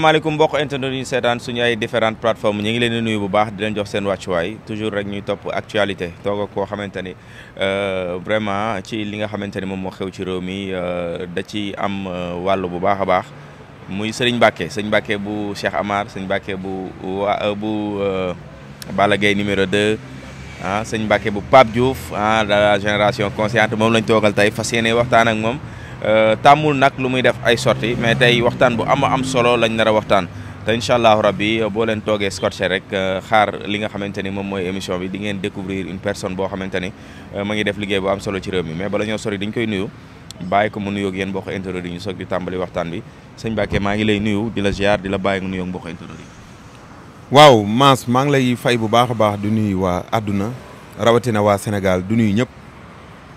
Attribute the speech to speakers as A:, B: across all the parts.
A: maaleykum mbokk internet yi seetaan suñu ay différentes plateformes ñu ngi leen di nuyu bu baax di leen jox seen wàccuwaay toujours rek ñuy topp actualité toog koo xamante ni euh, vraiment ci li nga xamante ni moom moo xew ci réew mi euh, da ci am euh, wàll bu baax a baax muy Serigne Mbacké Serigne Mbacké bu Cheikh Amar Serigne Mbacké bu wa bu Balla Gaye numéro 2 ah Serigne Mbacké bu Pape Diouf ah la génération consciente moom lañ toogal tey fas yéene waxtaan ak moom. Euh, tàmmul nag lu muy def ay sorti mais tey waxtaan bu am am solo lañ nar a waxtaan te incha allahu rabbi euh, boo leen toogee scotché rek euh, xaar li nga xamante ni moom mooy émission bi di ngeen découvrir une personne boo xamante ni ma ngi def liggéey bu am solo ci réew mi mais bala ñoo sori dañ koy nuyu bàyyi ko mu nuyoog yéen mbokk internet yi ñu soog di tàmbali waxtaan bi sëñ Mbacké maa ngi lay nuyu di la ziar
B: di la bàyyi nga nuyoog mbokk internet yi. waaw Mass maa ngi lay fay bu baax a baax du nuyu waa àdduna rawatina waa Sénégal du ñëpp.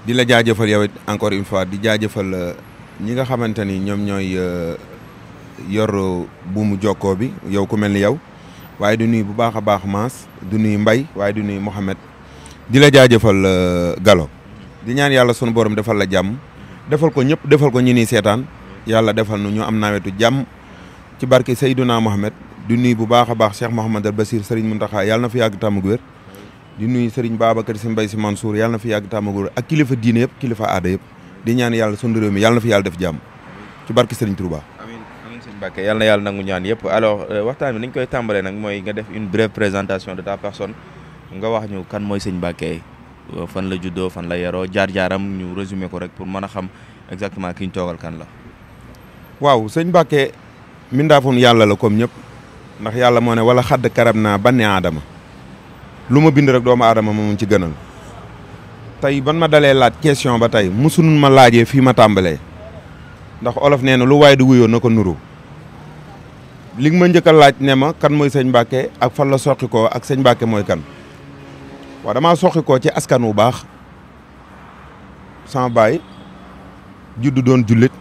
B: di la jaajëfal yow encore une fois di jaajëfal euh, ñi nga xamante ni ñoom ñooy euh, yor buumu jokkoo bi yow ku mel ni yow waaye du nuy bu baax a baax Maas du nuy Mbay waaye du nuy Mohamed di la jaajëfal euh, Gallo di ñaan yàlla sunu borom defal la jàmm defal ko ñëpp defal ko ñi ni seetaan yàlla defal nu ñu am nawetu jàmm ci barke Seydouna Mohamed du nuy bu baax a baax Cheikh Mouhamadal Bassir Serigne Mountakha yàlla na fi yàgg tàmm gu wér di nuyu Serigne Babacar Sy Mbaye Sy Mansour yalla na fi yag tàmmagóor ak kilifa diine yeb kilifa ada yeb di ñaan yalla sun reew mi yalla na fi yalla def jam ci barke Serigne Touba. amin
A: amin serigne bakay yalla na yalla nangu ñaan yeb alors euh, waxtaan bi niñ koy tambalé nak moy nga def une brève présentation de ta personne nga wax ñu kan moy serigne bakay euh, fan la juddo fan la yaro jaar-jaaram ñu résumé ko rek pour mëna mana xam
B: exactement kiñ togal kan la. waaw bakay min dafon yalla la comme ñep ndax yalla mo ne wala xadd karab banni adama lu ma bind rek doomu aadama moom ci gënal tey ban ma dalee laaj question ba tey musunun ma laajee fii ma tàmbalee ndax olof nee na lu waaye di wuyoo na ko nuru li ma njëkk laaj ne ma kan mooy sëñ Mbàkke ak fan la soqi ak sëñ Mbàkke mooy kan waaw damaa soqi koo ci askan wu baax sama baay juddu doon jullit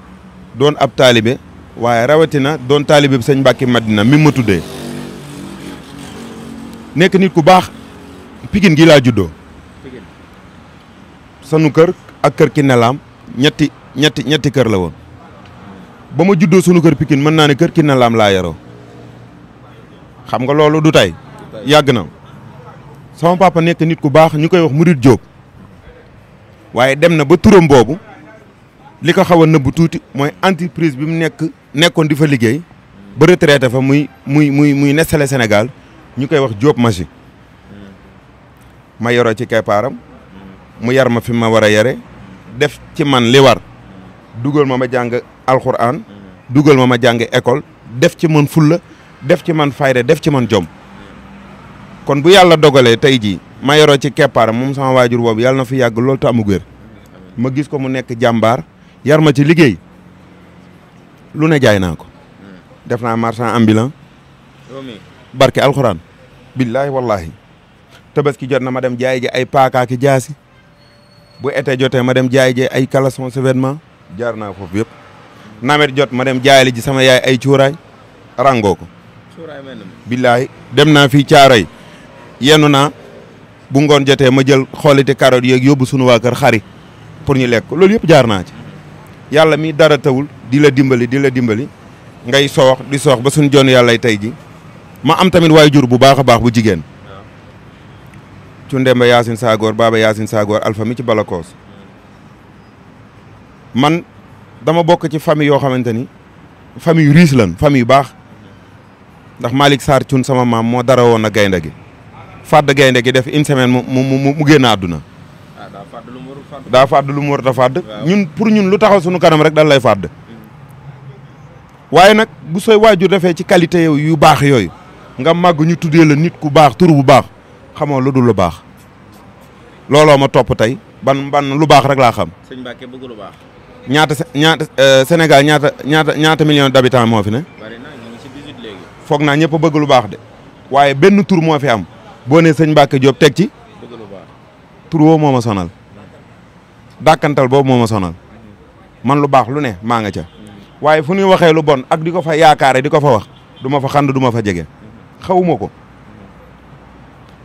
B: doon ab taalibe waaye rawatina doon taalibe bi sëñ Mbàkke Madina mi ma tuddee nekk nit ku baax Pikin gila judo. juddoo. sanu kër ak kër ki nelaam ñetti ñetti ñetti kër la woon ba ma juddoo sunu kër Pikine mën naa ne kër ki nelaam la yaro xam nga lolu du tay sama papa nek nit ku bax ñukay wax Murid job waye dem na ba turum bobu liko xawon na a nëbbu tuuti entreprise bimu nek nekkon difa liggey ba retraité fa muy muy muy muy Nestlé Sénégal ñukay wax job Magie ma yoroo ci keppaaram mu yar ma fi ma war a yare def ci man liwar war dugal ma ma jàng alxuraan dugal ma ma jàng école def ci man fulla def ci man fayre def ci man jom kon bu yàlla dogalee tey jii ma ci keppaaram moom sama waajur boobu yàlla na fi yàgg loolu te amug wér ma gis ko mu nekk jàmbaar yar ma ci liggéey lu ne jaay ko def naa marchand ambulant barke alxuraan billaahi wallaahi tabaski jot na ma dem jaaye ji ay paaka ki jaasi bu été jotee ma dem jaay ji ay caleçon vêtement jaar naa foofu yëpp nawet jot ma dem jaayali ji sama yaay ay cuuraay rangoo ko. cuuraay billaahi dem naa fii yi yenu naa bu ngoon jotee ma jël xoolite carotte yeeg yóbbu sunu waa kër xari pour ñu lekk loolu yëpp jaar naa ci. yàlla mi dara tawul di la dimbali di la dimbali ngay soox di soox ba suñu joon yàlla tey ji ma am tamit waay jur bu baax a baax bu jigéen. Cundemba Yacine Sagor Baba Yacine Sagor Alpha mi ci koos man dama bokk ci famille yoo xamante ni famille yu riis lan fami yu baax ndax Malick Sarr cun sama maam moo dara woon na gaynde gi fàdd gaynde gi def une semaine mu mu mu génn àdduna ah, daa fàdd lu mu war a fàdd ñun pour ñun lu taxaw suñu kanam rek dal lay fàdd waaye nag bu sooy waajur defee ci qualité yow yu baax yooyu nga màgg ñu tuddee la nit ku baax tur bu baax xamoo lu dul lu baax looloo ma topp tey ban ban lu baax rek laa xam.
A: sëñ Mbacke bëgg baax.
B: ñaata ñaata euh, Sénégal ñaata ñaata ñaata millions d'habitants moo fi ne. na ñu foog naa ñëpp bëgg lu baax de waaye benn tur moo fi am boo nee sëñ Mbacke Diop teg ci. bëgg lu baax tur woo moo ma sonal. dàkkantal boobu moom ma sonal man lu baax lu ne maa nga ca waaye fu ñuy waxee lu bon ak di ko fa yaakaare di ko fa wax duma ma fa xand du fa jege xawuma ko.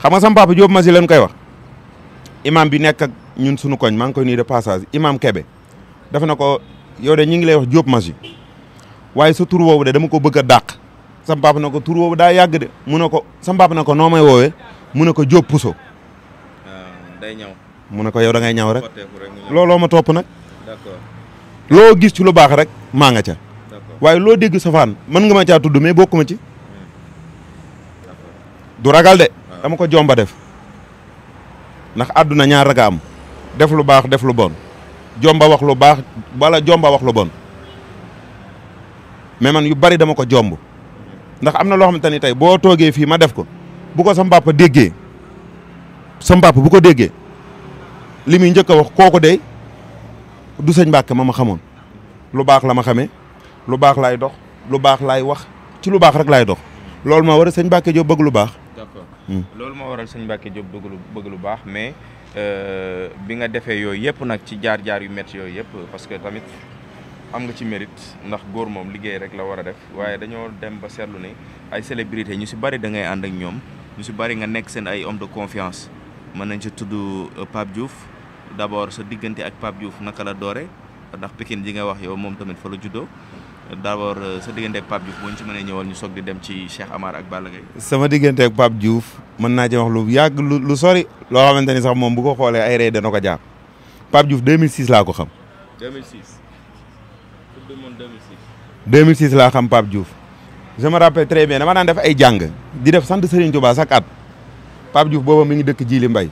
B: xam nga sama papa Diop Massi leen koy wax imam bi nekk ak ñun sunu koñ maa ngi koy nuyu de passage imam Kebe dafa na ko yow de ñu ngi lay wax Diop Massi waaye sa tur woowu de dama ko bëgg a dàq sama papa na ko tur woowu daa yàgg de mu ne ko sama papa na ko noo may woowee mu ne ko Diop Pouso.
A: Ah, day ñaw mu ne ko yow da ngay ñaw rek looloo ma topp nag.
B: loo gis ci lu baax rek maa nga ca. waaye loo dégg safaan mën nga ma caa tudd mais bokkuma ci. Hmm. du ragal de. dama ko jomba def nak àdduna ñaar rek am def lu def lu bon jomba wax lu bala wala jomba wax lu bon mais man yu bari dama ko jomb nak amna na loo tay ni tey boo ma def ko bu ko sa mbàpp déggee sa mbàpp bu ko déggee li muy njëkk a wax kooku de du sëñ Mbàkke ma ma xamoon lu baax la ma xamee lu baax laay dox lu baax laay wax ci lu rek dox ma jo bëgg lu
A: Mm. loolu moo waral sëñ Mbacke Diop bëgg lu bëgg baax mais euh, bi nga defee yooyu yëpp nag ci jaar-jaar yu métti yooyu yëpp parce que tamit am nga ci mérite ndax góor moom liggéey rek la war a def waaye dañoo dem ba seetlu ne ay célébrité ñu si bari da ngay ànd ak ñoom ñu si bari nga nekk seen ay homme de confiance mën nañ ci tudd euh, Pape Diouf d'abord sa diggante ak Pape Diouf naka la doore ndax Pikine ji nga wax yow moom tamit fa la juddoo d'abord euh, sa diggante ak Pape Diouf buñ ci mëne ñëwal ñu sok di dem ci Cheikh Amar ak Balla Gaye
B: sama diggante ak Pape Diouf mën naa ci wax lu yàgg lu sori loo xamante ni sax moom bu ko xoolee ay rey dana ko jaar Pape Diouf 2006 laa ko xam 2006 2006 2006 xam Pape Diouf je me rappelle très bien dama def ay di def sant Serigne Touba chaque at Pape Diouf booba mi ngi dëkk Jili Mbay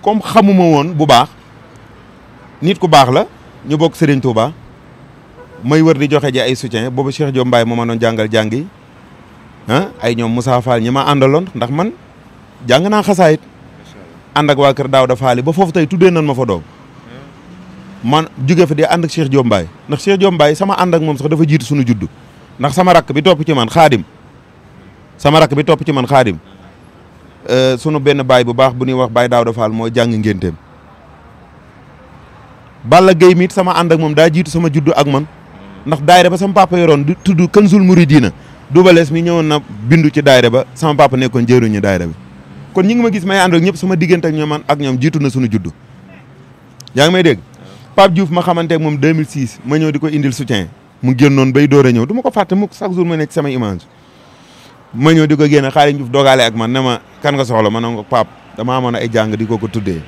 B: comme xamuma woon bu baax nit ku baax la ñu Serigne Touba may wër di joxe ji ay soutien bobu Cheikh jom bay moo ma doon jàngal jàngi ah ay ñom Moussa Fall ñima andalon ndax man jang na xasaayit and ak faali ba fofu tay nan ma fa do man juga fa di and ak Cheikh jom bay ndax Cheikh jom bay sama andak ak mom sax dafa jitt suñu judd ndax sama rak bi top ci man khadim sama rak bi top ci man euh sunu ben bay bu baax bu ni wax baay Daouda faal mo jang ngentem Balla sama andak ak mom da jiitu sama juddu ak man ndax daayira ba sama papa yoron du tudd Kanzul muridina dubalees mi ñewon na bindu ci daayira ba sama papa nekkoon jëruñu daayira bi kon ñi ngi ma gis may andal ñep sama digënt ak ñoom ak ñoom jitu na suñu juddu ya ngi may dégg pap Diouf ma xamanté ak 2006 ma ñew diko indil soutien mu gennon bay doore ñew duma ko fàtte mu chaque jour ma nekk sama image ma ñew diko ko xaalé dogalé ak man nama kan nga soxlo man nga pap dama amoon ay jang diko ko tuddé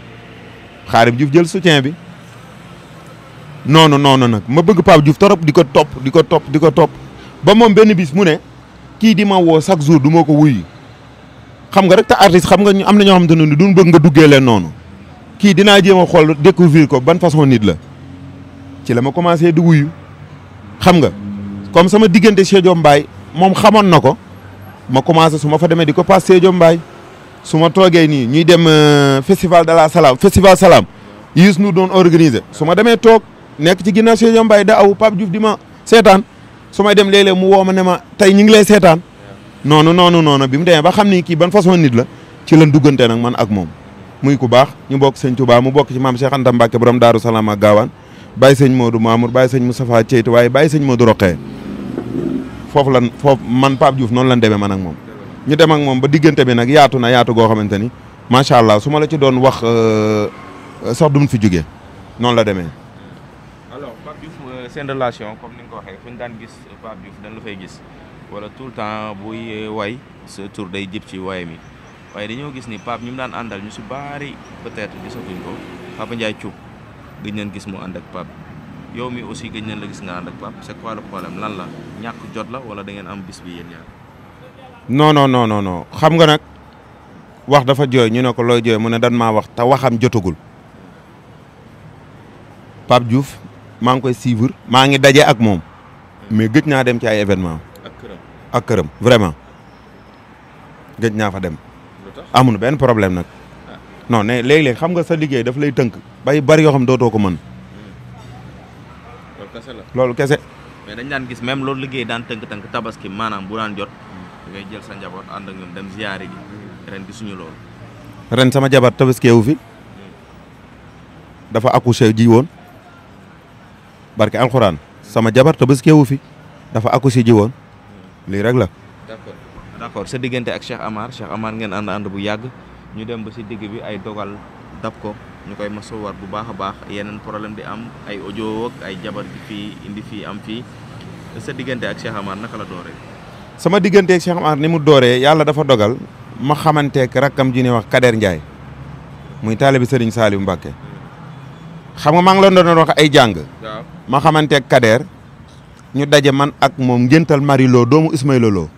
B: jël soutien bi non non non nag ma bëgg Pape Diouf torop diko top diko top diko top ba mom ben bis mu ne kii di ma woo chaque jour du ma ko wuyu xam nga rek ta artiste xam nga ñu am na ñoo xamante ne ni duñ bëgg nga duggé leen noonu ki dina jéem xol découvrir ko ban façon nit la ci lama commencé du wuy xam nga comme sama diggante Sédio Mbaye moom xamoon na nako ma commencé suma fa démé diko passé passe Sédio Mbaye su ma ñuy dem euh, festival de la salam festival salam Youssou Ndour doon organiser suma démé tok nek ci ginnaaw Cheikh Mbaye da aw pap Diouf di setan? suma dem lele mu woma ma ne ma tay ñing lay setan non non noonu bi mu ba xamni ni ban façon nit la ci lan dugante nak man ak mom muy ku bax ñu bok seigne Touba mu bok ci mam Cheikh Anta Mbacke borom daru salam ak gawan bàyyi seigne Modou Mamour bàyyi seigne Moustapha Ceytu way bàyyi seigne Modou roxe fofu lan fof man pap Diouf non lan demee man ak mom ñu dem ak mom ba digënté bi nak yaatu na yaatu go xamanteni machallah suma ma la ci doon wax euh, euh, sax duñ fi jógee non la démé
A: seen relation comme ni nga ko waxee fu ñu daan gis Pape Diouf dañ la gis wala tout le temps buy eh, way sa tur day jëp ci waay mi waaye dañoo gis ni Pape ñu mu daan àndal ñu si baari peut-être gisatuñ ko Papa Ndiaye Thioub gëj nañ gis mu ànd ak Pape yow mi aussi gëj nañ la gis nga ànd ak Pape c'est quoi le problème lan la ñàkk jot la wala da ngeen am bis bi yéen
B: ñaar. non non non xam nga nag wax dafa jooy ñu ne ko looy jooy mu ne dan maa wax te waxam jotagul maa ngi koy suivre maa ngi daje ak moom hmm. mais gëj naa dem ci ay événement ak këram ak këram vraiment gëj naa fa dem. amun benn problème nag. Ah. non ne léeg-léeg xam nga sa liggéey daf lay tënk. bay bari yoo xam dootoo ko mën. Hmm. loolu kese loolu kese.
A: mais dañ daan gis même loolu liggéey daan tënk-tënk tabaski maanaam bu daan jot. Hmm. ngay jël sa njaboot ànd ak ñoom dem ziyaari ji. ren gisuñu loolu.
B: ren sama jabar tabaskeewu fi. dafa accouché ji woon. barke alquran sama jabar to wu fi dafa accouché ji won li rek la.
A: d'accord d'accord sa digenté ak Cheikh Amar Cheikh Amar ngeen and and bu yag ñu dem ba ci digg bi ay dogal dab ko ñu koy war bu baaxa baax yenen problème di am ay audio ak ay jabar di fi indi fi am fi sa digenté ak Cheikh Amar naka la dooree.
B: sama digenté ak Cheikh Amar ni mu dooree yalla dafa dogal ma ak rakam ji ni wax Kader ndjay muy taalibi Serigne salim Mbacké xam nga ma ngi london wax ay jang ma xamanté Kader ñu daje man ak mom ngentel marilo doomu ismaïlo Lo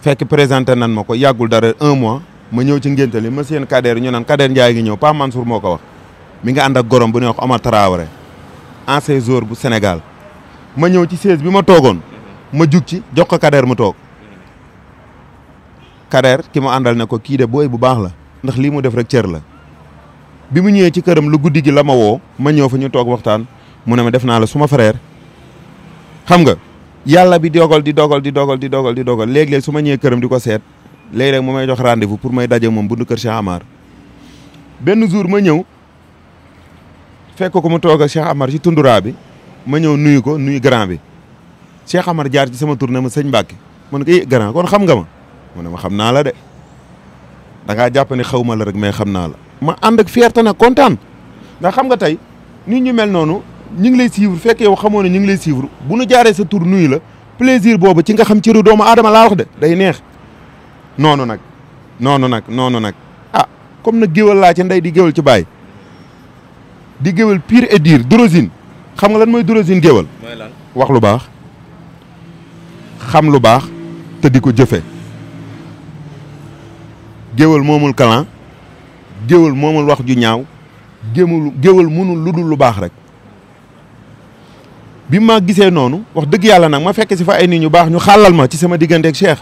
B: fekk présenté nan mako yagul dara 1 mois ma ñew ci ngentel ma seen Kader ñu nan Kader ndjay gi ñew Pa Mansour moko wax mi nga and ak gorom bu ne wax Omar Traoré ces jours bu Sénégal ma ñew ci 16 bima togon ma juk ci jox ko Kader mu tok Kader ki mo andal ne ko ki de boy bu bax la ndax li mu def rek cër la bi mu lugudi ci kërëm lu guddi gi la ma ma ñëw fa ñu tok waxtaan mu ne ma def na la suma frère xam nga yalla bi dogal di dogal di dogal di dogal di dogal lég lég suma ma kërëm diko sét lég seet mu may jox rendez-vous pour may dajé mom bundu kër Cheikh Amar benn jour ma ñëw fekk ko mu toog Cheikh Amar ci tundura bi ma ñëw nuyu ko nuyu grand bi Cheikh Amar jaar ci sama ma mu ne eh, grand kon xam nga ma mu ne ma xam na la de da nga jàpp ne xaw nala. la rek mais xam na la. ma ànd ak fierté nag kontaan ndax xam nga tey nit ñu mel noonu ñu ngi lay suivre fekk yow xamoo ne ñu ngi lay suivre bu nu jaaree sa tur nuyu la plaisir boobu ci nga xam cëru doomu aadama laa wax de day neex noonu nag noonu nag noonu nag ah comme nag géwal laa ci ndey di géwal ci baay di géwal pur et dur drosine xam nga lan mooy drosine géwal wax lu baax xam lu baax te di ko jëfe géwal moomul kalan géwal momul wax ju ñaaw geemul géwal mënul luddul lu bax rek bi ma gisé nonu wax deug yalla nak ma fekk ci fa ay nit ñu bax ñu xalal ma ci sama ak Cheikh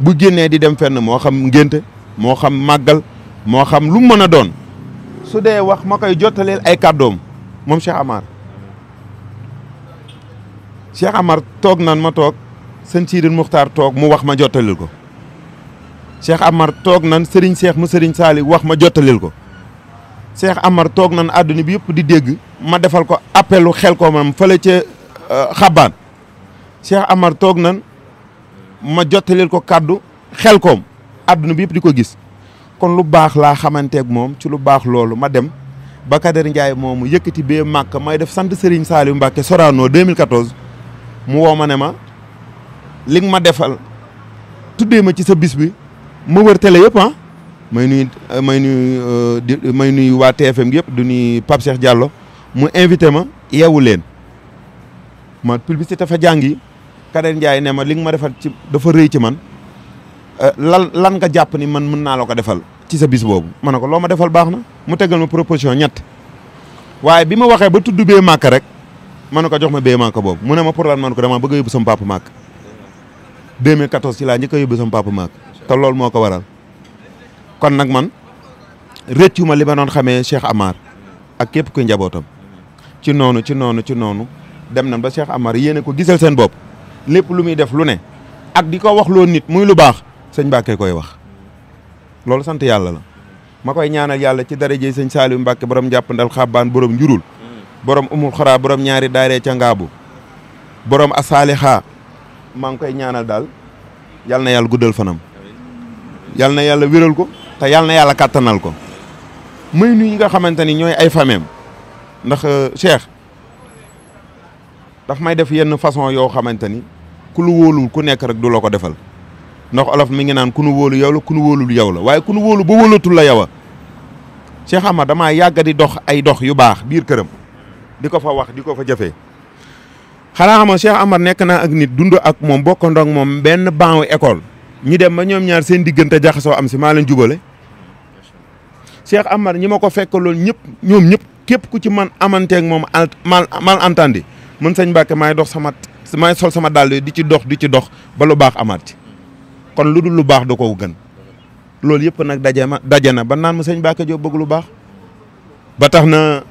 B: bu di dem fenn mo xam ngénte mo xam magal mo xam lu mëna doon su dé wax ma koy ay cadeau mom Cheikh Amar Cheikh Amar tok nan ma tok sëñ Siidin mukhtar tok mu wax ma jottalil ko Cheikh Amar toog nan Serigne Cheikh mu Serigne Saali wax ma jottalil ko Cheikh Amar toog nan àdduna bi yëpp di dégg ma defal ko appelu xel ko mam fële ca euh, xabaan Cheikh Amar toog nan ma jottalil ko kàddu xel koom àdduna bi yëpp di ko gis kon lu baax laa xamanteeg moom ci lu baax loolu ma dem ba Kader Ndiaye moomu yëkkati bee màkk may def sant Serigne Saliou Mbacke Sorano 2014 mu woo ma ne ma li ma defal tuddee ma ci sa bis bi ma wër tele yëpp ah may nuyu may nuyu euh, di may nuyu waa TFM yëpp du nuyu Pape Cheikh mu invité ma yeewu leen ma publicité fa jàng yi Kader Ndiaye ne ma li nga ma defal ci dafa rëy ci man euh, lan lan nga jàpp ni man mën naa la ko defal ci sa bis boobu ma ne ko loo ma defal baax na mu tegal ma proposition ñett waaye bi ma waxee ba tudd bee màkk rek ma ne ko jox ma bee màkk boobu mu ne ma pour lan ma ne ko damaa bëgg a yóbbu sama papa màkk 2014 ci laa njëkk a yóbbu sama papa màkk te loolu moko waral kon nak man rëccu li ma doon Cheikh Amar ak képp ku njabotam ci nonu ci nonu ci nonu dem nañ ba Cheikh Amar yene ko gisal sen bop lepp lu mi def lu ne ak di wax lo nit muy lu bax seigne Mbàkke koy wax loolu sante yalla la makoy ñaanal yalla ci darajey seigne salim Mbàkke borom jàpp ndal borom njurul borom umul khara borom ñaari daare ca ngabu borom asaliha mang koy ñaanal dal yal na yàlla guddal fanam yal na yàlla wéral ko Ta yalna na yàlla kàttanal ko may nu ñi nga xamante ni ñooy ay fameem ndax euh, Cheikh daf may def yenn façon yoo xamante ni ku lu wóolul ku nekk rek du la defal ndax olof mi ngi naan ku nu wóolu yow la ku nu wóolul yow la waaye ku nu wóolu ba wóolatul la yow Cheikh di dox ay dox yu baax biir di ko fa wax di ko fa jafee xanaa xam Cheikh Amar nekk naa ak nit dund ak moom bokkandoo banu école ñu dem ba ñoom ñaar seen diggante jaxasoo am si maa leen jubale Cheikh Amar ñi ma ko loolu ñëpp ñoom ñëpp képp ku ci man amanteeg moom mal mal entendu man sëñ Mbàkke maay dox sama maay sama dàll di ci dox di ci dox ba lu baax amaat ci kon lu dul lu baax da koo gën loolu yëpp nag daje ma daje na ba naan ma sëñ Mbàkke joo bëgg lu baax ba tax na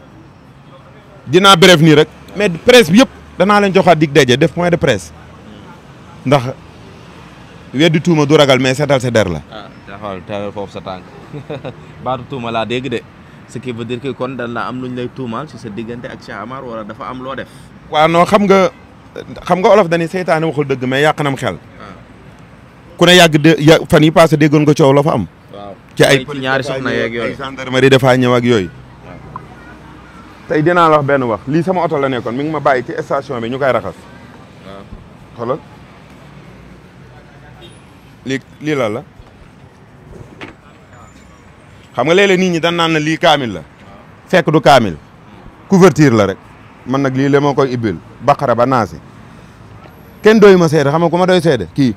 B: dinaa bref nii rek mais presse yëpp danaa leen joxaat dig daje def point de presse ndax weddu tuuma du ragal mais setal sa der la.
A: ah taxawal taxawal fofu sa tànk baatu tuuma la deg de ce qui veut dire que kon dal la am luñ lay tuumaal ci sa digënté ak Cheikh Amar wala dafa am lo def.
B: wa no xam nga xam nga olof dañi setan waxul deug mais yak nam xel. Ah. ku ne yag de ya, fan yi passé degon nga ciow la fa am. ci ay ñaari soxna yeeg yoy gendarmerie dafa ñew ak yoy tay dina la wax ben wax li sama auto la nekkon mi ngi ma bayyi ci station bi ñukay raxas. waaw ah. xoolal li la la xam nga léeg Kamila, nit ñi dañ naan na lii kaamil la fekk du kamil couverture la rek man nak li le moo koy ibbil baqara ba nasi ken doy ma sédé xam nga kuma doy sédé ki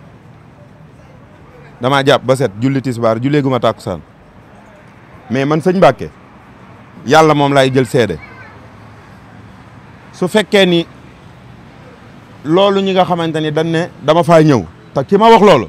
B: dama japp ba sét julli tisbar jullee guma takusan mais man señ mbacké yalla mom lay jël sédé su fekké ni lolou ñi nga xamanteni dañ ne dama fay ñew te ki wax lolou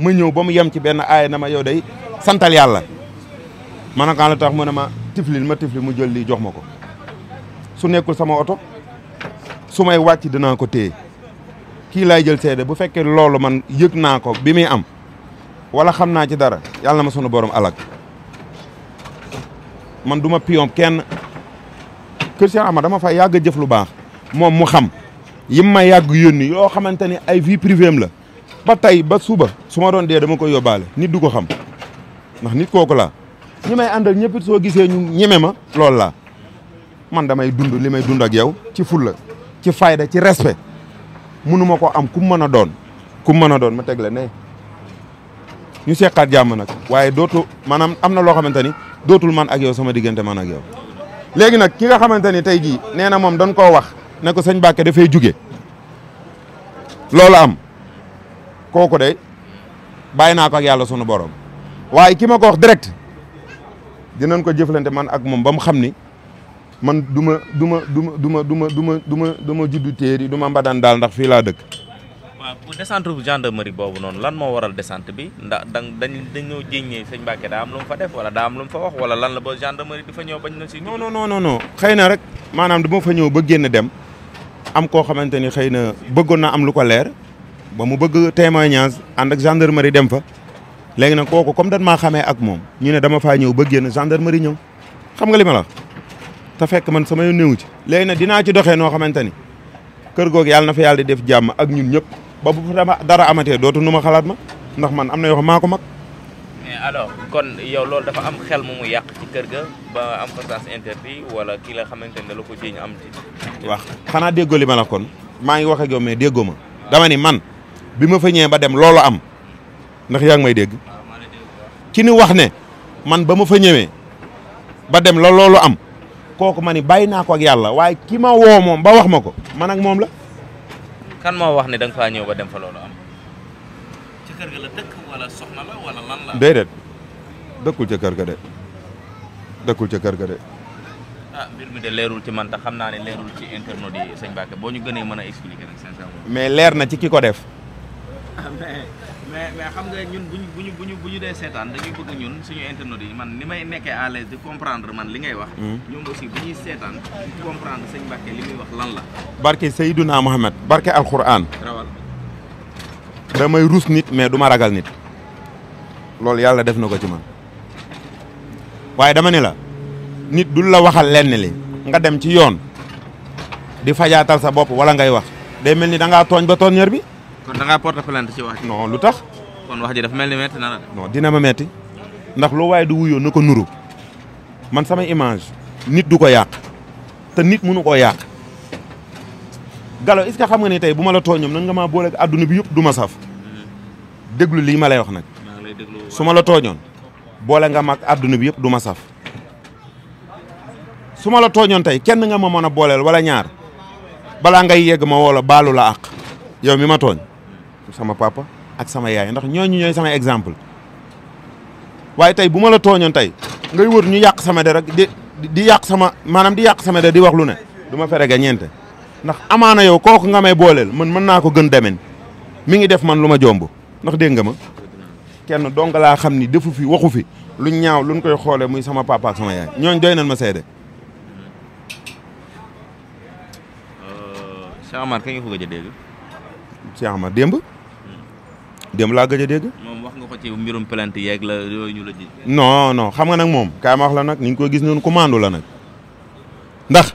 B: ma ñëw ba mu yem ci benn aaya na ma yow day santal yàlla ma ne ko tax mu ne ma tiflil ma tifli mu jël lii jox ma ko su nekkul sama oto su may wàcc dinaa ko téye kii laay jël seede bu fekkee loolu man yëg naa ko bi muy am wala xam naa ci dara yàlla ma sunu borom alak man du ma pion kenn kër Cheikh Ahmad dama fa yàgg jëf lu baax moom mu xam yim ma yàgg yónni yoo xamante ni ay vie privée la ba tey ba suuba su ma doon dee dama koy yóbbaale nit du ko xam ndax nit kooku laa ñi may àndal ñëpp soo gisee ñu ñeme ma loolu laa man damay dund li may dund ak yow ci fulla ci fayda ci respect munu ko am ku mën a doon kum mën a doon ma tegle la ne ñu seqaat jàmm nag waaye dootu maanaam am na loo xamante ni dootul man ak yow sama diggante man ak yow léegi nag ki nga xamante ni tey jii nee na moom dañ koo wax ne ko sëñ Mbàkke dafay jóge loolu am kooku de bàyyi naa ko ak yàlla sunu borom waaye ki ma ko wax direct dinañ ko jëflante man ak moom ba mu xam ni man du ma du ma du ma du ma du ma du ma du ma juddu téeri du ma mbadaan daal ndax fii laa dëkk.
A: waaw bu descente gendarmerie boobu noonu lan moo waral descente bi ndax dañ dañoo jéññee sëñ Mbacke daa am lu wala daa am lu mu wala lan la ba gendarmerie di fa ñëw bañ na si. non non non
B: non xëy na rek maanaam dama fa ñëw ba génn dem am koo xamante ni xëy na bëggoon na am lu ko leer. ba mu bëgg témoignage ànd ak gendarmerie dem fa léegi nag kooku comme dan maa xamee ak moom ñu ne dama faa ñëw ba génn gendarmerie ñëw xam nga li ma la te fekk man sama yoon néewu ci léegi nag dinaa ci doxee noo xamante ni kër goog yàlla na fa yàlla di def jàmm ak ñun ñëpp ba bu dama dara amatee dootu nu ma xalaat ma ndax man am na yoo maa ko mag
A: mais alors kon yow loolu dafa am xel mu mu yàq ci kër ga ba am passage interdit wala ki la xamante ne la ko jiñ am ci
B: xanaa déggoo li ma la kon maa ngi wax ak yow mais ma bima fa ñëw ba dem loolu am ndax yaa ngi may dégg ci ah, ni wax ne man ba ma fa ñëwee ba dem la loolu am kooku ma ni bàyyi naa ko ak yàlla waaye ki ma woo moom ba wax ma ko man ak moom la.
A: kan moo wax ne da nga faa ñëw ba dem fa loolu am. ci kër ga la dëkk wala soxna la wala lan la. déedéet
B: dëkkul ca kër ga de dëkkul ca kër ga de.
A: ah mbir mi de leerul ci man ta xam naa ne leerul ci internet yi sëñ Bakay boo ñu gënee mën a expliquer nag sincèrement.
B: mais leer na ci ki ko def.
A: mais mais xam nga ñun bu ñu bu ñu bu ñu dee seetaan dañuy bëgg ñun suñu internautes yi man ni may nekkee à l'aise di comprendre man li ngay wax. Hmm. ñoom aussi bu ñuy seetaan comprendre sëñ Mbacke li muy wax lan la.
B: barke Seydouna Mohamed barke alquran. damay rus nit mais duma ragal nit. loolu yàlla def na ko ci man waaye dama ne la nit dul la waxal lenn li nga dem ci yoon di fajaatal sa bopp wala ngay wax day mel ni da tooñ ba tooñ ñër bi.
A: kon da nga porter plainte ci wax non lu tax kon wax ji dafa mel ni metti na la
B: non dina ma metti ndax loo waaye du wuyoo na ko nuru man sama image nit du ko yàq te nit mënu koo yàq galo est ce que xam nga ne tey bu ma la tooñoom nan nga maa boole ak àdduna bi yëpp du saf hmm. déglu lii ma lay wax nag su la tooñoon boole nga mag àdduna bi yëpp du saf su la tooñoon tey kenn nga ma mën a wala ñaar balaa ngay yegg ma woo la la àq yow mi ma tooñ sama papa ak sama yaay ndax ñooñu ñooy sama example, waye tay buma la toñon tay ngay wër ñu yaq sama der rek di di sama manam di yaq sama der di wax lu ne duma ma ferege ñeente ndax amana yow koku nga may bolel man man nako gën demen mi ngi def man luma jombu, ndax dégg nga ma kenn dong la xamni defu fi waxu fi lu ñaaw luñ koy xolé muy sama papa ak sama yaay ñooñ doy nañ ma seede.
A: Euh, Cheikh Omar kañ nga ko
B: Cheikh Ahmad démb. Hmm. démb laa gëj a dégg.
A: moom wax nga ko ci mbirum plainte yeeg la yooyu ñu la ji.
B: non non xam nga nag moom kaay ma wax la nag ni ñu koy gis noonu commande la nag ndax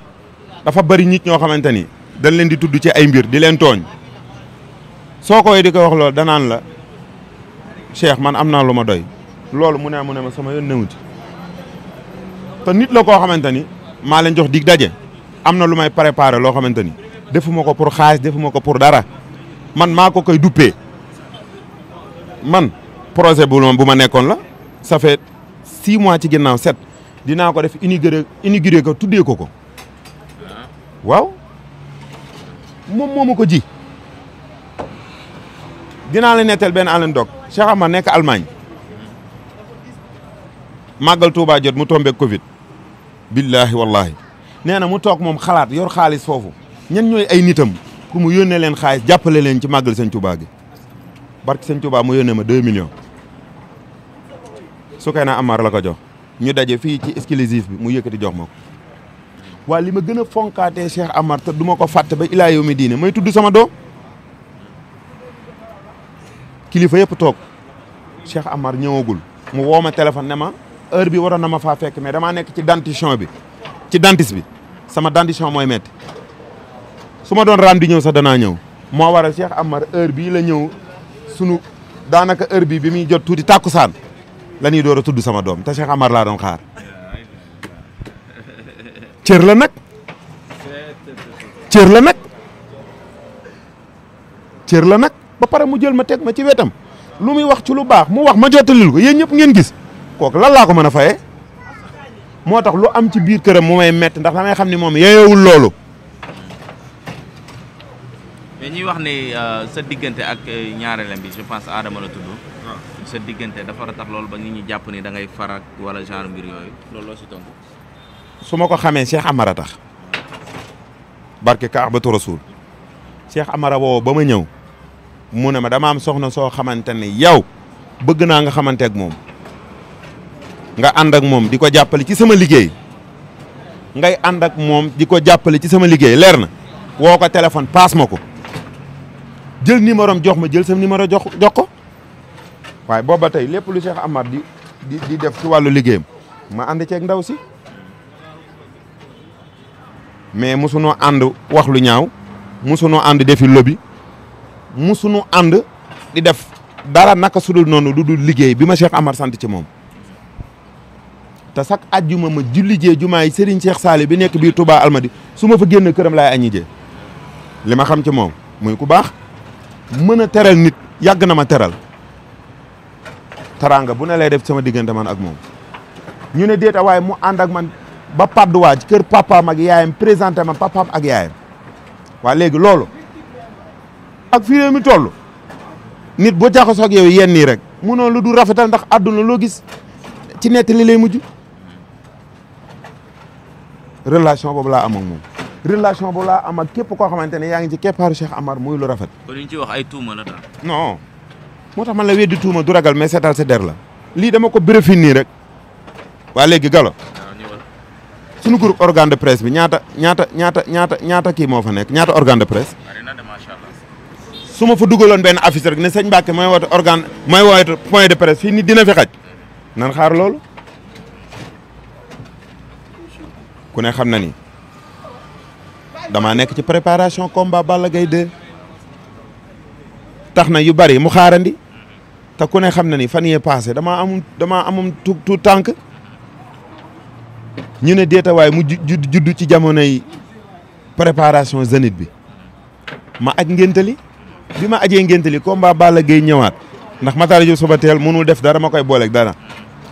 B: dafa bari nit ñoo xamante dañ leen di tudd ci ay mbir di leen tooñ soo koy di ko wax loolu danaan la Cheikh man am naa doy loolu mu ne mu ne ma sama yoon newu ci nit la koo xamante ni leen jox dig pour pour dara. man maa ko koy duppee man projet bu ma bu ma nekkoon la ça fait six mois ci ginnaaw sept dinaa ko def ini inauguré ko tuddee ko ko waaw moom moo ko ji dinaa la netteel benn Alioune Ndog Cheikh ma nekk Allemagne màggal Touba jot mu tombé Covid. billaahi wallaahi nee na mu toog moom xalaat yor xaalis foofu ñen ñooy ay nitam. pour mu yónnee leen xaalis jàppale leen ci màggal seen Touba gi barke sëñ Touba mu yónnee ma 2 millions su kay naa Amar la ko jox ñu daje fii ci exclusif bi mu yëkkati jox ma waa li ma gën a fonkaatee Cheikh Amar te du ma ko fàtte ba ilaa yow mi diine may tudd sama doom kilifa yëpp toog Cheikh Amar ñëwagul mu woo ma téléphone ne ma heure bi waroon na ma faa fekk mais damaa nekk ci dentition bi ci dentiste bi sama dentition mooy metti suma don doon raam di ñëw sax danaa waral Cheikh Amar heure bi la ñew sunu danaka heure bi bi mi jot tuti takusan la ñuy door sama dom ta Cheikh Amar la doon xaar cieur la nak cieur la nak cieur la nak ba pare mu jël ma tek ma ci wetam lu mi wax ci lu bax mu wax ma jottalil ko yeen ñep ngeen gis kok lan la ko fayé motax lu am ci biir kërëm mu may metti ndax la xam xamni mom yeyewul
A: dañuy wax ni euh, sa digënté ak euh, ñaareelam bi je pense Adama la tuddu sa digënté dafa tax lool ba nit ñi japp ni da ngay farak wala genre mbir yoy lool lo ci tontu
B: suma ko xamé Cheikh Amara tax barke kaabatu rasul Cheikh Amara woo ba ma mu ne ma dama am soxna so xamantene ne yow bëgg na nga xamanté ak mom. nga and ak mom di ko ci sama liggéey ngay and ak mom di ko ci sama liggéey lérna woko téléphone passe mako jël numéro am jox ma jël sam numéro jox jox ko waaye booba tey lépp lu seex Amar di di di def ci wàllu liggéeyam ma ànd ceeg ndaw si mais mosunoo ànd wax lu ñaaw mosunoo ànd defi lobby mosunoo ànd di def dara naka su sudul noonu lu dul liggéey bi ma Cheikh Amar sant ci moom te sax ajjuma ma julli jee jumaay Serigne Cheikh Sali bi nekk biir Touba Almadi su ma fa génn këram laay añi jee li ma xam ci moom muy ku baax mën a teral nit yàgg na ma teral taraanga bu ne lay def sama diggante man ak moom ñu ne déeta waaye mu ànd ak man ba padduwaa ci kër papaam ak yaayam présenté ma papaam ak yaayam waa léegi loolu ak fii réew mi toll nit bu jaxasoo ak yow yenn yi rek munoo lu du rafetal ndax àdduna loo gis ci nettali lay mujj relation boobu laa am moom relation boo laa am képp koo xamante ne yaa ngi ci keppaaru Cheikh Amar muy lu rafet.
A: kon li ñu ci wax ay tuuma la tam.
B: moo tax man la weddi tuuma du ragal mais seetal sa der la. lii dama ko bérefin nii rek waa léegi galo ah, suñu groupe organe de presse bi ñaata ñaata ñaata ñaata ñaata kii moo fa nekk ñaata organe de presse. su ma fa dugaloon benn affiche rek ne sëñ Mbacke mooy woote organe mooy woote point de presse fi ni dina fi xaj. nan xaar loolu ku xam na ni. damaa nekk ci préparation combat Balla gay 2 tax na yu bari mu xaarandi te ku ne xam ne ni fan yee passé dama amum damaa amum tu tànk ñu ne deetawaay mu judd ci jamonoy préparation zénith bi ma aj ngéntali bi ma ajee ngéntali combat Balla Gaye ñëwaat ndax Matar Diop suba teel mënul def dara ma koy booleeg dara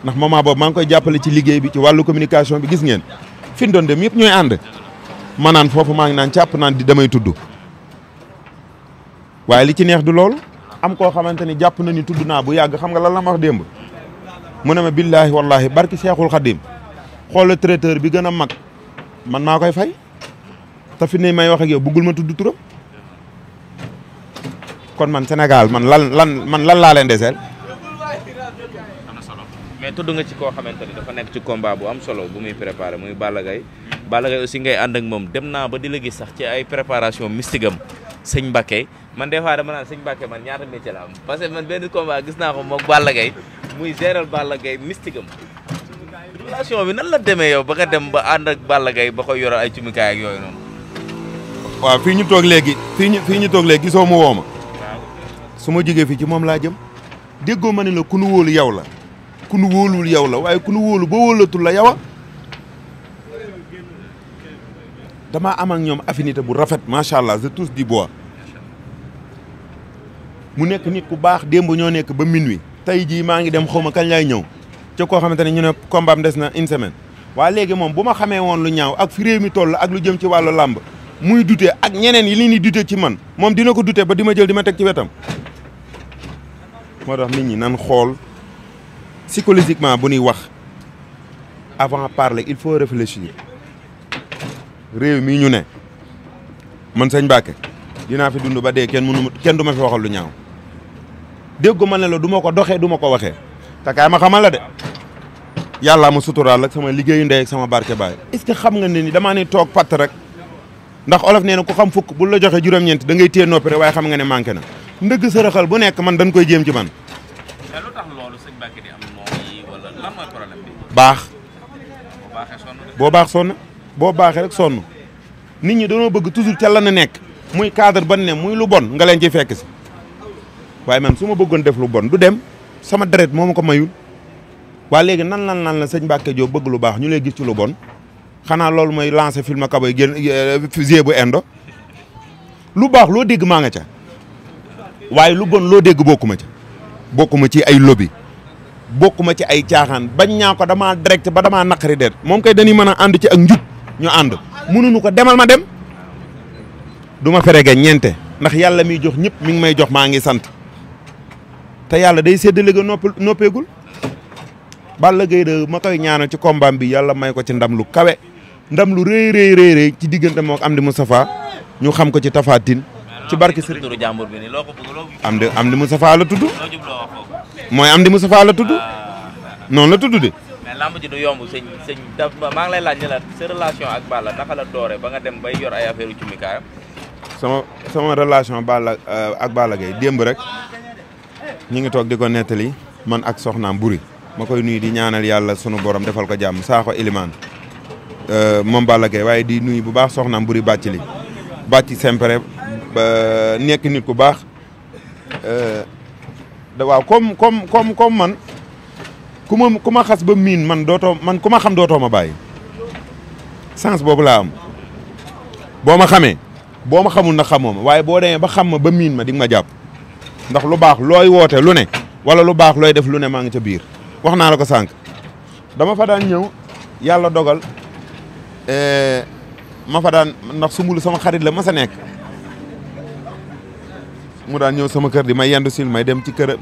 B: ndax moment boobu maa ngi koy jàppale ci liggéey bi ci wàllu communication bi gis ngeen fi doon dem yëpp ñooy ànd ma foofu maa ngi naan càpp naan di damay tudd waaye li ci neex du loolu am koo xamante ni jàpp na ni tudd naa bu yàgg xam nga lan la ma wax démb mu ne ma billaahi wallaahi barki seexul xadim xoola traiteur bi gën mag man maa koy fay te fi may wax ak yow ma tudd turam kon man Sénégal man lan lan man lan laa leen deseel
A: mais tudd nga ci koo xamante ni dafa nekk ci combat bu am solo bu muy préparé muy Balla Gaye Balla Gaye aussi ngay ànd ak moom dem naa ba di la gis sax ci ay préparation mystique am sëñ Mbacké man des fois dama naan sëñ Mbacké man ñaata métier la am parce que man benn combat gis naa ko moom Balla Gaye muy géral Balla Gaye mystique am bi nan la demee yow ba nga dem ba ànd ak Balla ba koy yoral ay cumikaay ak yooyu noonu.
B: waaw fii ñu toog léegi fii ñu fii ñu toog léegi gisoo ma woo su ma jógee fii ci moom laa jëm déggoo ma ne la ku yow la. ku nu wóolul yow la waaye ku wóolu ba wóolatul la yow a damaa am ñoom affinité bu rafet macha allah je di du mu nekk nit ku baax démb ñoo nekk ba minuit. tey jii maa ngi dem xaw ma kañ lay ñëw ca koo xamante ne ñu ne kombaam des na une waa léegi moom bu ma xamee woon lu ñaaw ak fi réew mi toll ak lu jëm ci wàllu làmb muy dute ak ñeneen yi li ñuy dute ci man moom dina ko dute ba di ma jël di ma teg ci wetam moo tax nit ñi nan xool. psychologiquement bu ñuy wax avant parler il faut réfléchir réew mi ñu ne man sëñ Mbacke dina fi dund ba dé kenn mënu kenn duma fi waxal lu ñaaw déggu man la duma ko doxé duma ko waxé ta kay ma xamal la dé yalla ma sutural ak sama liggéeyu ndé ak sama barké baay est-ce que xam nga ne ni dama né tok pat rek ndax olof nee na ku xam fukk bu la joxé juroom ñent da ngay téye noppi rek waaye xam nga né manké na ndëgg sërëxal bu nekk man dañ koy jéem ci man. baax boo baax sonn boo baaxee rek sonn nit ñi dañoo bëgg toujours ca la na nekk muy cadre ban ne muy lu bon nga leen ci fekk si waaye man su ma bëggoon def lu bon du dem sama deret moo ma ko mayul waa léegi nan lan lan la sëñ Mbacke Diop bëgg lu baax ñu lay gis ci lu bon xanaa loolu mooy lancer film kaboy génn fusée euh, bu indo lu baax loo dégg maa ca waaye lu bon loo dégg bokkuma ca bokkuma ci ay lobi bokuma ci ay tiaxan bañ ñaa ko direct ba damaa nakari det mom kay dañuy mën and ci ak njub ñu and mënuñu ko demal ma dem duma ma ferege ñeente ndax yalla mi jox ñep mi ngi may jox ma ngi sante te yalla day séddale ga nopp Balla de ma koy ñaanal ci combat bi yalla may ko ci ndam lu kawe ndam lu reey reey reey re, ci digënté mook am di Moustapha ñu xam ko ci tafatine ci barki Serigne
A: bëgg lo
B: amdi amdi mustafa la mooy am Amdi Moustapha la tudd. Ah. noonu la tudd de.
A: mais lamb du yomb sëñ sëñ maa ngi lay laaj ne la sa relation ak Balla naka la dooree ba nga dem bay yor ay affaire ci mikaayam
B: sama sama relation euh, ak Balla Gaye démb rek ñu ngi toog di ko nettali man ak soxnaam buri ma koy nuy di ñaanal yàlla sunu borom defal ko jàmm saako ilimaan euh, moom Balla Gaye waaye di nuyu bu baax soxnaam buri bàcc li bàcc sempre nekk nit ku baax euh, da waaw kom comme comme comme man ku ma ku ma xas ba miin man dootoo man ku ma xam dootoo ma bàyyi sens boobu laa am boo ma xamee boo ma xamul na xamoo ma waaye boo demee ba xam ma ba miin ma di nga ma jàpp ndax lu baax looy woote lu ne wala lu baax looy def lu ne maa ngi ca biir wax naa la ko sànq dama fa daan ñëw yàlla dogal eh, ma fa daan ndax sumbulu sama xarit la ma sa nekk mu daan ñëw sama kër di may yendu sil may dem ci këram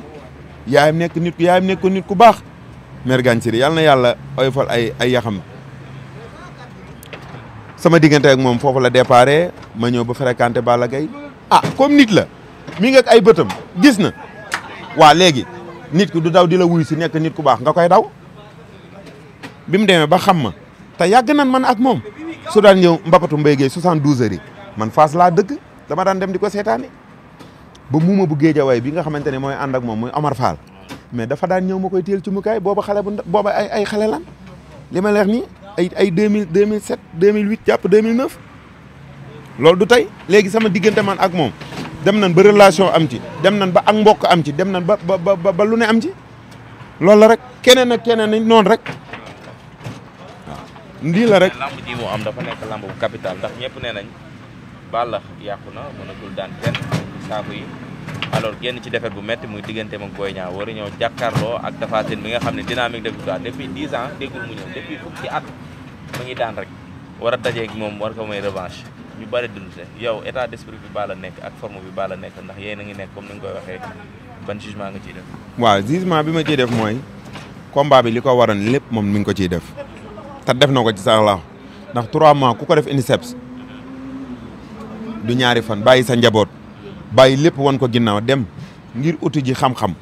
B: yaayam nekk nit ku yaayam ku baax mère Gane Siri yàlla na yàlla oyofal ay ay yaxam sama diggante ak moom foofu la déparé ma ñëw ba fréquenté Balla Gaye a ah, comme nit la mi ngi ak ay bëtam gis na waa léegi nit ki du daw di la wuyu si nekk nit ku baax nga koy daw bi mu demee ba xam ma te yàgg nan man ak moom su daan ñëw mbapatu mbéy gee 72 heures yi man Fass laa dëkk dama daan dem di ko seetaani ba muuma bu géejawaay bi nga xamante ne mooy ànd ak moom muy Omar Fall mais dafa daan ñëw ma koy teel ci mukaay booba xale bu booba ay ay xale lan li ma leer nii ay ay deux mille deux mille sept deux mille huit jàpp deux loolu du tey léegi sama diggante man ak moom dem nañ ba relation am ci dem nañ ba ak mbokk am ci dem nañ ba ba ba lu ne am ci loolu la rek keneen ak keneen noonu rek waaw lii la rek.
A: dafa nekk lamb bu capital ndax ñëpp nee nañ Balla yàqu na mënagul saaku yi alors ci defet bu métti muy diggante mag Boy Niang war a ñëw jàkkaarloo ak Tapha Tine mi nga xam ne dynamique de victoire depuis 10 ans déggul mu ñëw depuis fukki at mu ngi daan rek war a dajeeg moom war ko may revanche ñu bëri dundte yow état d'esprit bi baa la nekk ak forme bi baa la nekk ndax yéen a ngi nekk comme ni nga koy waxee ban jugement nga ciy def
B: waaw jugement bi ma ciy def mooy combat bi li ko waroon lépp moom mi ngi ko ciy def te def na ko ci sax laax ndax 3 mois ku ko def INSEPS du ñaari fan bàyyi sa njaboot bàyyi lépp wan ko ginnaaw dem ngir uti ji xam-xam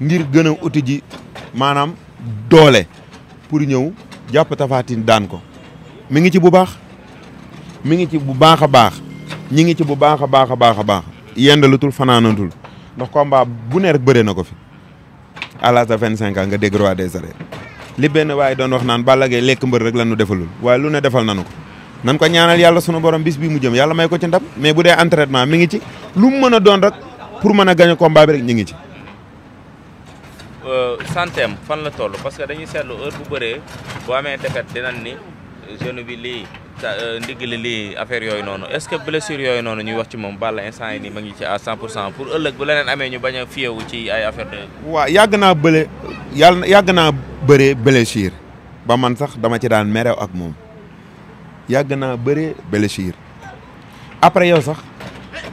B: ngir gën a uti ji maanaam doole pour ñëw jàpp tafaatin daan ko mi ngi ci bu baax mi ngi ci bu baax a baax ñi ngi ci bu baax a baax a baax a baax yendalutul fanaanatul ndax combat bu ne rek bëre na ko fi à l'âge de vingt nga dégg roi des arènes li benn waaye doon wax naan Balla Gaye lekk mbër rek la defalul waaye lu ne defal nanu ko nan ko ñaanal yalla suñu borom bis bi mu jëm yalla may ko ci ndam mais bu dee entraînement mi ngi ci lu mu mëna doon rek pour mëna gagner combat bi rek ñi ngi ci.
A: euh santem fan la tollu parce que dañuy sétlu heure bu béré bo amé défaite dinañ ni jeune bi li euh, ndigg li affaire yoy nonu est ce que blessure yoy nonu ñuy wax ci mom Balla instant ni ma ngi ci à 100 pour ëlëk bu leneen amé ñu baña fiéwu ci ay affaire de.
B: wa yag na bële yàlla yàgg naa bëree blessure ba man sax dama ci daan méré ak mom yàgg naa bëree Belachir après yow sax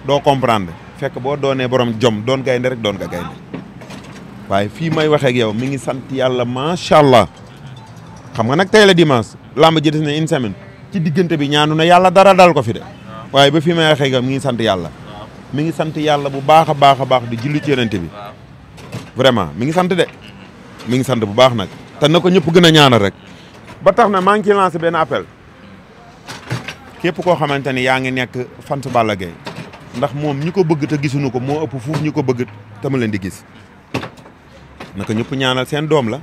B: doo comprendre fekk boo doonee boroom jom doon gaynde rek doon ga gaynde waaye fii may waxeeg ak yow mi ngi sant yàlla macha allah xam nga nag tey la dimanche làmb ji des na une semaine ci diggante bi ñaanu na yàlla dara dal ko fi de waaye ba fii may waxee ak yow mi ngi sant yàlla mi ngi sant yàlla bu baax a baax a baax di julli ci yonent bi vraiment mi ngi sant de mu ngi sant bu baax nag te na ko ñëpp gën a ñaanal rek ba tax na maa ngi ciy benn appel képp koo xamante ni yaa ngi nekk fans Balla Gaye ndax moom ñi ko bëgg te gisuñu ko moo ëpp fuuf ñi ko bëgg te mu leen di gis na ñëpp ñaanal seen doom la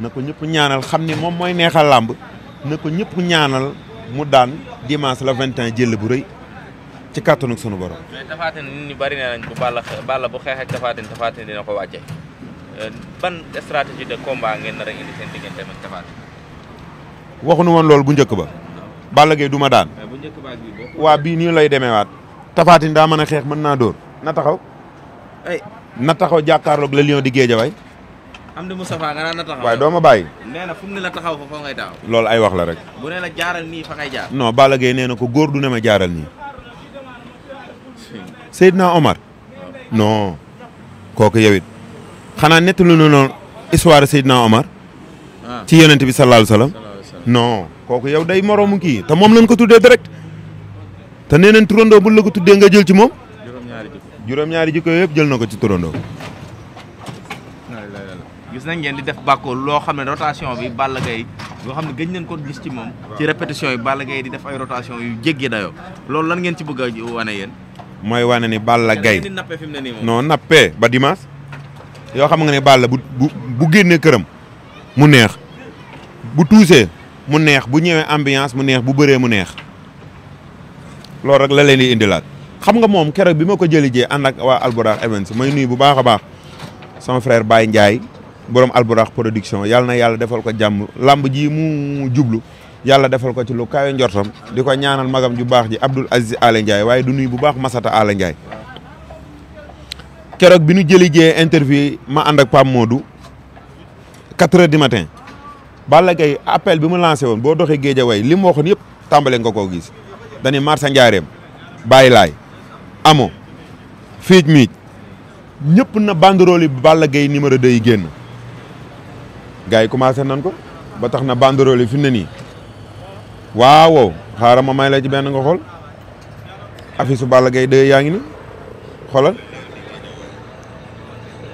B: na ko ñëpp ñaanal xam ni moom mooy neexal làmb na ko ñëpp ñaanal mu daan dimanche la 21 jël bu rëy ci kàttanu sunu borom.
A: mais Tapha Tine bari nee nañ bu Balla Balla bu xeex ak Tapha dina ko wàcce euh, ban stratégie de combat ngeen nar a indi seen diggante ak Tapha Tine.
B: waxuñu woon loolu bu njëkk ba. Balla Gaye du ma daan. waa bii nii lay demeewaat. Tapha daa mën a xeex mën naa dóor. na taxaw na taxaw jàkkaarloog la Lion di Guédiawaye.
A: am na waaye doo ma bàyyi.
B: loolu ay wax la rek.
A: bu ne la jaaral
B: na ko góor du ne ma jaaral nii. Seydina Omar. non kooku yow xanaa nettalu na noonu histoire Seydina Omar. Ah. ci yonent bi sallallahu alayhi wa koku yow day morom ki te mom lañ ko tuddé direct te nenañ turondo bu buñ la ko tuddé nga jël ci mom juróom-ñaari jikko juróom-ñaari jikko yëpp jël nako ci turondo
A: gis nañ ngeen di def bako lo xamné rotation bi Balla gay yoo xamné gën nañ ko gis ci mom ci répétition yi Balla gay di def ay rotation yu jéggé dayo lool lan ngeen ci bëgg wané
B: yeen moy wané ni Balla gay non nappé ba dimas yo xam nga ni Balla bu bu génné kërëm mu neex bu touser mu neex bu ñëwee ambiance mu neex bu bëré mu neex lool rek la leen di indilat xam nga mom kérok bima ma ko jëli jé ànd ak waa Events may nuyu bu baaxa baax sama frère Baye ndjay borom Albourakh production Yalla na yalla defal ko jamm lamb ji mu jublu Yalla defal ko ci lu kawé ndortam di ñaanal magam ju baax ji abdul Aziz Alé ndjay waye du nuyu bu baax Masata Alé ndjay kérok bi ñu jëli jee interview ma anak ak modu. Modou 4 h du matin. Balla Gaye appel bi mu lancé woon boo doxee Guédiawaye li mu waxoon yëpp tàmbale nga koo gis dañuy marché njaareem bàyyi laay amo fiij miij ñëpp na banderole yi Balla Gaye numéro 2 yi génn gars yi nan ko ba tax na banderole yi fi mu ne nii waaw xaaral ma may la ci benn nga xool affiche su Balla Gaye 2 yaa ngi ni xoolal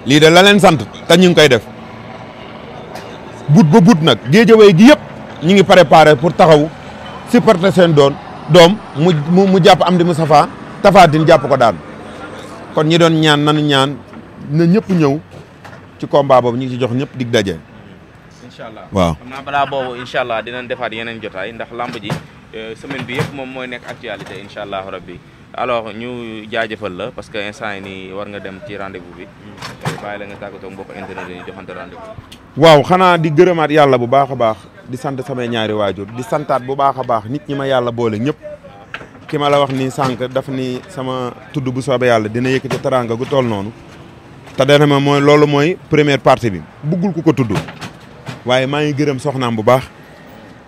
B: lii de la leen sant te ñu ngi koy def but ba nak dia géejawee gi yep ñi ngi préparer pour taxaw supporter sen doon dom mu mu japp am di Moustapha Tafatine jàpp ko daan kon ñi doon ñaan nanu ñaan na ñepp ñew ci combat bobu ñi ci jox ñepp dig daje. inshallah allah waaw
A: xam naa balaa boobu dinañ defat yenen jotay ndax lamb ji euh, semaine bi yep mom moy nek actualité inshallah rabbi alors ñu jaajeufal la parce que instant ni war nga dem ci rendez vous bi mm. bàyyi la nga tàggatoo mbokk internet ni joxante rendez
B: vous waaw xana di gërëmaat yalla bu baaxa baax di sante sama ñaari wajur di santat bu baaxa baax nit ñi ma yàlla boole ñep kima la wax ni sank daf ni sama tuddu bu soobe yalla dina yëkëti taranga gu toll nonu ta dana ma moy lolu moy première partie bi bugul ku ko tuddu waye ma ngi gërëm soxnam bu baax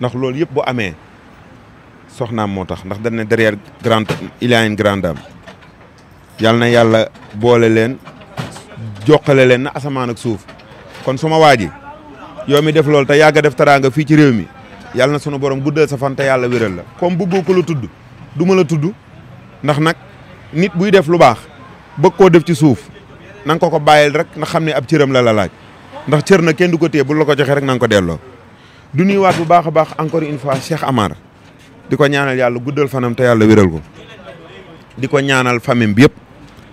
B: ndax lolu yëpp bu amé soxnaam moo tax ndax dañ ne derrière grande il y a une yàlla boole leen jokkale leen na asamaan ak suuf kon suma waa ji yow mi def loolu te yàgg def taraanga fii ci réew mi yàlla na sunu borom guddal sa fan te yàlla wéral la comme bëggoo ko la tudd du la tudd ndax nag nit buy def lu baax bëgg koo def ci suuf na ko ko bàyyil rek na xam ne ab cëram la la laaj ndax cër na kenn du ko téye bu la ko joxee rek na nga ko delloo du nuyuwaat bu baax a baax encore une Amar di ko ñaanal yàlla guddal fanam te yàlla wéral ko di ko ñaanal famille bi yëpp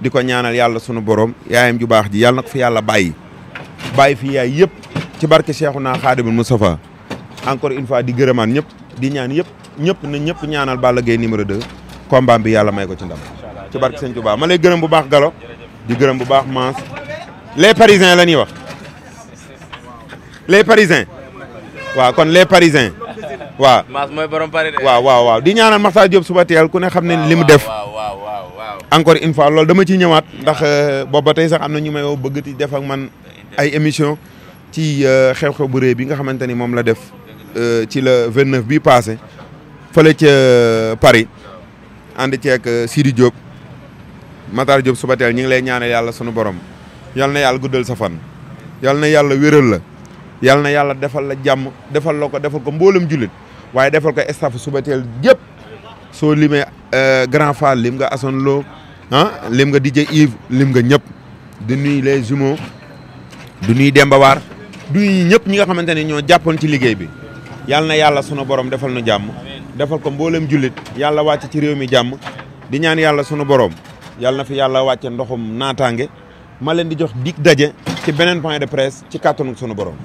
B: di ko ñaanal yàlla sunu borom yaayam ju baax ji yàlla na ko fi yàlla bàyyi bàyyi fi yaay yëpp ci na Cheikhouna Khadimul Moustapha encore une fois di gërëmaan ñëpp di ñaan yëpp ñëpp na ñëpp ñaanal Balla Gaye numéro 2 combat bi yàlla may ko ci ndam ci barke Sëñ Tuubaa ma lay gërëm bu baax Galo di gërëm bu baax Mans les parisiens la ñuy wax les parisiens waaw kon les parisiens waaw maas mooy borom Paris de. waaw waaw waaw di ñaanal Makhtar Diop suba teel ku ne xam limu li mu def. encore une fois loolu dama ciy ñëwaat. ndax euh, booba tey sax am na ñu may woo bëgg di def ak man ay émission ci euh, xew-xew bu rëy bi nga xamante ni moom la def euh, ci le 29 bii passé fële ca Paris ànd ceeg Sidi Diop Makhtar Diop suba teel ñu ngi lay ñaanal yàlla sunu borom yal na yàlla guddal sa fan yal na yàlla wéral la. yàlla na yàlla defal la jàmm defal la ko defal ko mboolem jullit waaye defal ko staff suba teel yëpp soo limee euh, Grand Fall lim nga Assane loo ah lim nga DJ Yves lim nga ñëpp du nuy les jumeaux du nuy Demba War du ñëpp ñi nga xamante ne ñoo jàppoon ci liggéey bi yàlla na yàlla sunu borom defal nu jàmm defal ko mboolem jullit yàlla wàcc ci réew mi jàmm di ñaan yàlla sunu borom yàlla na fi yàlla wàcce ndoxum naataange ma leen di jox dig daje ci beneen point de presse ci kàttanu sunu borom.